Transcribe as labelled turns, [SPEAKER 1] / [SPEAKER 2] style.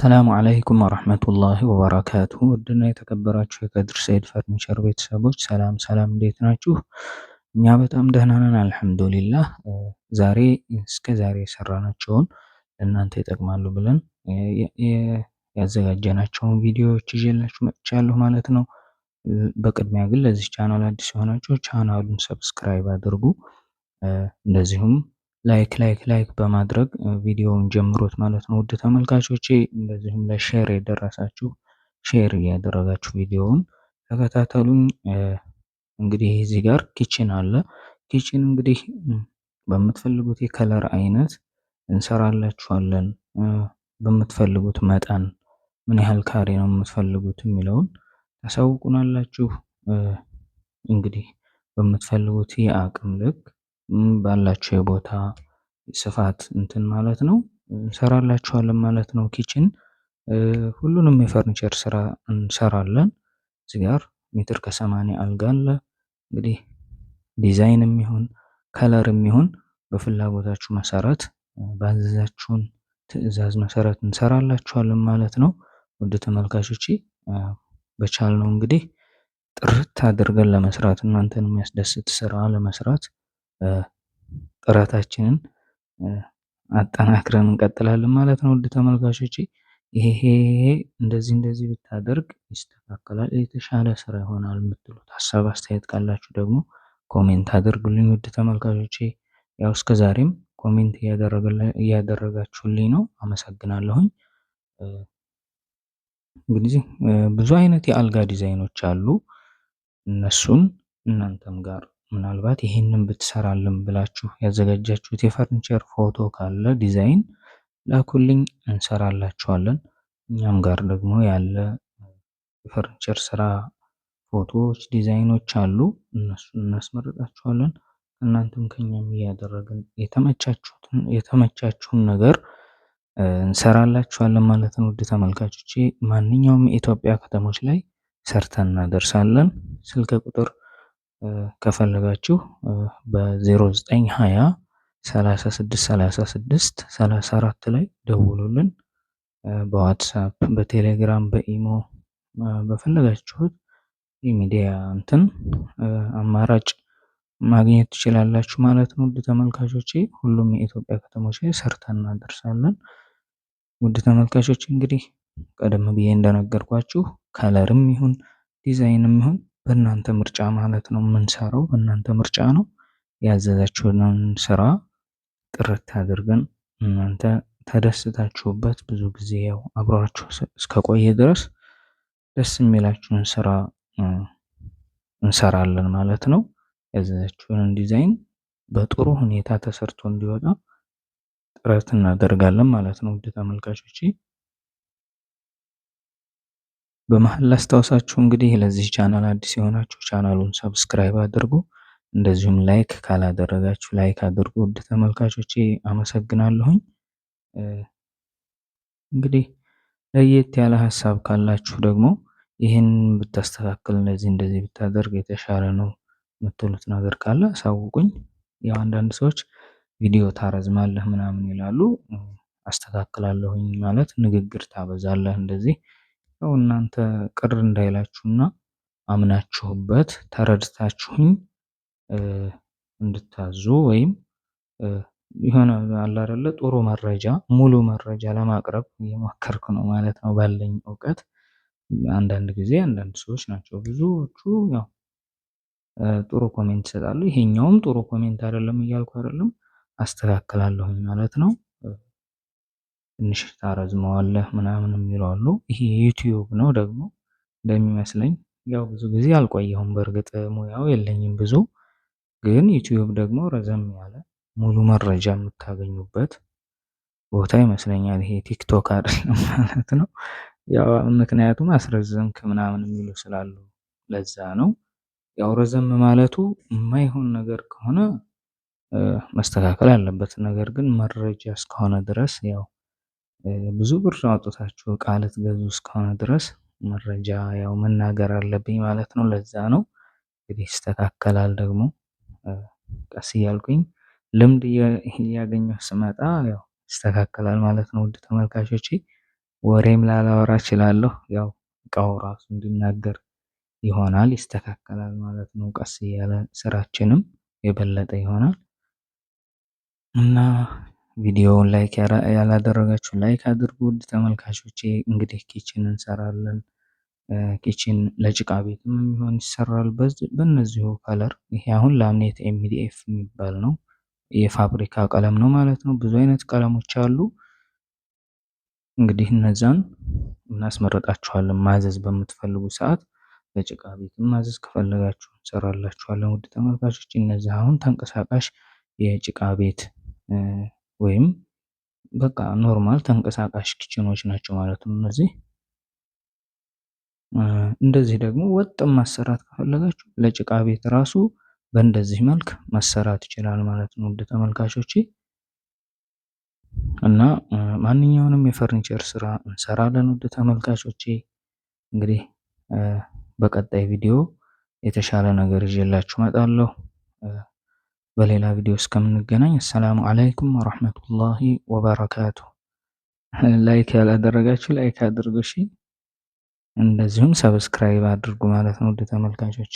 [SPEAKER 1] አሰላሙ አለይኩም ወረህመቱላሂ ወበረካቱ። ውድና የተከበራችሁ የከድር ሰይድ ፈርኒቸር ቤተሰቦች ሰላም ሰላም፣ እንዴት ናችሁ? እኛ በጣም ደህና ነን አልሐምዱሊላህ። ዛሬ እስከ ዛሬ የሰራናቸውን እናንተ ይጠቅማሉ ብለን ያዘጋጀናቸውን ቪዲዮዎች ይዤላችሁ መጥቻለሁ ማለት ነው። በቅድሚያ ግን ለዚህ ቻናል አዲስ የሆናችሁ ቻናሉን ሰብስክራይብ አድርጉ። እንደዚሁም ላይክ ላይክ ላይክ በማድረግ ቪዲዮውን ጀምሮት ማለት ነው። ውድ ተመልካቾቼ እንደዚሁም ለሼር የደረሳችሁ ሼር እያደረጋችሁ ቪዲዮውን ተከታተሉኝ። እንግዲህ እዚህ ጋር ኪችን አለ። ኪችን እንግዲህ በምትፈልጉት የከለር አይነት እንሰራላችኋለን። በምትፈልጉት መጠን ምን ያህል ካሬ ነው የምትፈልጉት የሚለውን ታሳውቁናላችሁ። እንግዲህ በምትፈልጉት የአቅም ልክ ባላቸው የቦታ ስፋት እንትን ማለት ነው እንሰራላችኋለን ማለት ነው። ኪችን ሁሉንም የፈርኒቸር ስራ እንሰራለን። እዚህ ጋር ሜትር ከሰማንያ አልጋ አለ። እንግዲህ ዲዛይን የሚሆን ከለር የሚሆን በፍላጎታችሁ መሰረት ባዘዛችሁን ትዕዛዝ መሰረት እንሰራላችኋለን ማለት ነው። ውድ በቻል ነው እንግዲህ ጥርት አድርገን ለመስራት እናንተን የሚያስደስት ስራ ለመስራት ጥረታችንን አጠናክረን እንቀጥላለን ማለት ነው። ውድ ተመልካቾች ይሄ እንደዚህ እንደዚህ ብታደርግ ይስተካከላል፣ የተሻለ ስራ ይሆናል የምትሉት ሀሳብ አስተያየት ካላችሁ ደግሞ ኮሜንት አድርጉልኝ። ውድ ተመልካቾች ያው እስከ ዛሬም ኮሜንት እያደረጋችሁልኝ ነው፣ አመሰግናለሁኝ። እንግዲህ ብዙ አይነት የአልጋ ዲዛይኖች አሉ። እነሱን እናንተም ጋር ምናልባት ይሄንን ብትሰራልን ብላችሁ ያዘጋጃችሁት የፈርኒቸር ፎቶ ካለ ዲዛይን ላኩልኝ እንሰራላችኋለን። እኛም ጋር ደግሞ ያለ የፈርኒቸር ስራ ፎቶዎች፣ ዲዛይኖች አሉ። እነሱን እናስመርጣችኋለን። እናንተም ከኛም እያደረግን የተመቻችሁን ነገር እንሰራላችኋለን ማለት ነው። ውድ ተመልካቾቼ ማንኛውም የኢትዮጵያ ከተሞች ላይ ሰርተን እናደርሳለን። ስልክ ቁጥር ከፈለጋችሁ በ0920 36 36 34 ላይ ደውሉልን። በዋትሳፕ፣ በቴሌግራም፣ በኢሞ በፈለጋችሁት የሚዲያ እንትን አማራጭ ማግኘት ትችላላችሁ ማለት ነው። ውድ ተመልካቾቼ ሁሉም የኢትዮጵያ ከተሞች ላይ ሰርተን እናደርሳለን። ውድ ተመልካቾች እንግዲህ ቀደም ብዬ እንደነገርኳችሁ ከለርም ይሁን ዲዛይንም ይሁን በእናንተ ምርጫ ማለት ነው የምንሰራው በእናንተ ምርጫ ነው። ያዘዛችሁንን ስራ ጥርት አድርገን እናንተ ተደስታችሁበት ብዙ ጊዜ ያው አብሯችሁ እስከቆየ ድረስ ደስ የሚላችሁን ስራ እንሰራለን ማለት ነው። ያዘዛችሁንን ዲዛይን በጥሩ ሁኔታ ተሰርቶ እንዲወጣ ጥረት እናደርጋለን ማለት ነው። ውድ ተመልካቾቼ በመሃል ላስታውሳችሁ እንግዲህ ለዚህ ቻናል አዲስ የሆናችሁ ቻናሉን ሰብስክራይብ አድርጉ፣ እንደዚሁም ላይክ ካላደረጋችሁ ላይክ አድርጉ። ውድ ተመልካቾቼ አመሰግናለሁኝ። እንግዲህ ለየት ያለ ሀሳብ ካላችሁ ደግሞ ይህን ብታስተካክል እንደዚህ እንደዚህ ብታደርግ የተሻለ ነው የምትሉት ነገር ካለ አሳውቁኝ። ያው አንዳንድ ሰዎች ቪዲዮ ታረዝማለህ ምናምን ይላሉ። አስተካክላለሁኝ ማለት ንግግር ታበዛለህ እንደዚህ ያው እናንተ ቅር እንዳይላችሁና አምናችሁበት ተረድታችሁኝ እንድታዙ ወይም የሆነ አለ አይደለ ጥሩ መረጃ ሙሉ መረጃ ለማቅረብ እየሞከርኩ ነው ማለት ነው ባለኝ እውቀት። አንዳንድ ጊዜ አንዳንድ ሰዎች ናቸው ብዙዎቹ ያው ጥሩ ኮሜንት ይሰጣሉ ይሄኛውም ጥሩ ኮሜንት አይደለም እያልኩ አይደለም አስተካክላለሁኝ ማለት ነው ትንሽ ታረዝመዋለህ ምናምን የሚሉ አሉ። ይሄ ዩቲዩብ ነው ደግሞ እንደሚመስለኝ ያው ብዙ ጊዜ አልቆየሁም በእርግጥ ሙያው የለኝም ብዙ ግን ዩቲዩብ ደግሞ ረዘም ያለ ሙሉ መረጃ የምታገኙበት ቦታ ይመስለኛል ይሄ ቲክቶክ አይደለም ማለት ነው። ያው ምክንያቱም አስረዘምክ ምናምን የሚሉ ስላሉ ለዛ ነው። ያው ረዘም ማለቱ የማይሆን ነገር ከሆነ መስተካከል አለበት። ነገር ግን መረጃ እስከሆነ ድረስ ያው ብዙ ብር አውጥታችሁ እቃ ልትገዙ እስከሆነ ድረስ መረጃ ያው መናገር አለብኝ ማለት ነው። ለዛ ነው እንግዲህ ይስተካከላል ደግሞ ቀስ እያልኩኝ ልምድ እያገኘሁ ስመጣ ያው ይስተካከላል ማለት ነው። ውድ ተመልካቾች ወሬም ላላወራ እችላለሁ። ያው እቃው ራሱ እንዲናገር ይሆናል ይስተካከላል ማለት ነው። ቀስ እያለ ስራችንም የበለጠ ይሆናል እና ቪዲዮውን ላይክ ያላደረጋችሁ ላይክ አድርጉ። ውድ ተመልካቾቼ እንግዲህ ኪችን እንሰራለን። ኪችን ለጭቃ ቤትም የሚሆን ይሰራል በነዚሁ ከለር። ይሄ አሁን ላምኔት ኤምዲኤፍ የሚባል ነው፣ የፋብሪካ ቀለም ነው ማለት ነው። ብዙ አይነት ቀለሞች አሉ። እንግዲህ እነዛን እናስመረጣችኋለን። ማዘዝ በምትፈልጉ ሰዓት ለጭቃ ቤትም ማዘዝ ከፈለጋችሁ እንሰራላችኋለን። ውድ ተመልካቾች እነዚህ አሁን ተንቀሳቃሽ የጭቃ ቤት ወይም በቃ ኖርማል ተንቀሳቃሽ ኪችኖች ናቸው ማለት ነው እነዚህ። እንደዚህ ደግሞ ወጥም ማሰራት ከፈለጋችሁ ለጭቃ ቤት ራሱ በእንደዚህ መልክ መሰራት ይችላል ማለት ነው ውድ ተመልካቾቼ። እና ማንኛውንም የፈርኒቸር ስራ እንሰራለን ውድ ተመልካቾቼ። እንግዲህ በቀጣይ ቪዲዮ የተሻለ ነገር ይዤላችሁ እመጣለሁ። በሌላ ቪዲዮ እስከምንገናኝ አሰላሙ አለይኩም ወረህመቱላሂ ወበረካቱ። ላይክ ያላደረጋችሁ ላይክ አድርጉ፣ እሺ። እንደዚሁም ሰብስክራይብ አድርጉ ማለት ነው ውድ ተመልካቾች።